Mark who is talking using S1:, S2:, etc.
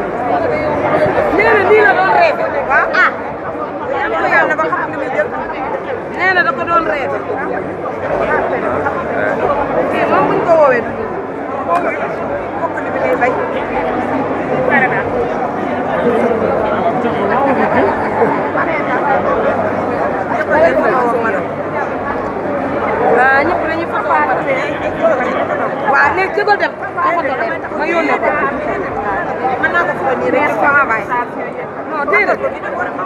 S1: nee na nii la doon reete ah
S2: ko yàlla ba xam ne muy jël nee na da ko doon reete kii moom buñ ko woowee du bokk li bi lay bay
S3: waaw léegi jëgal dem envoyé. non déedéet.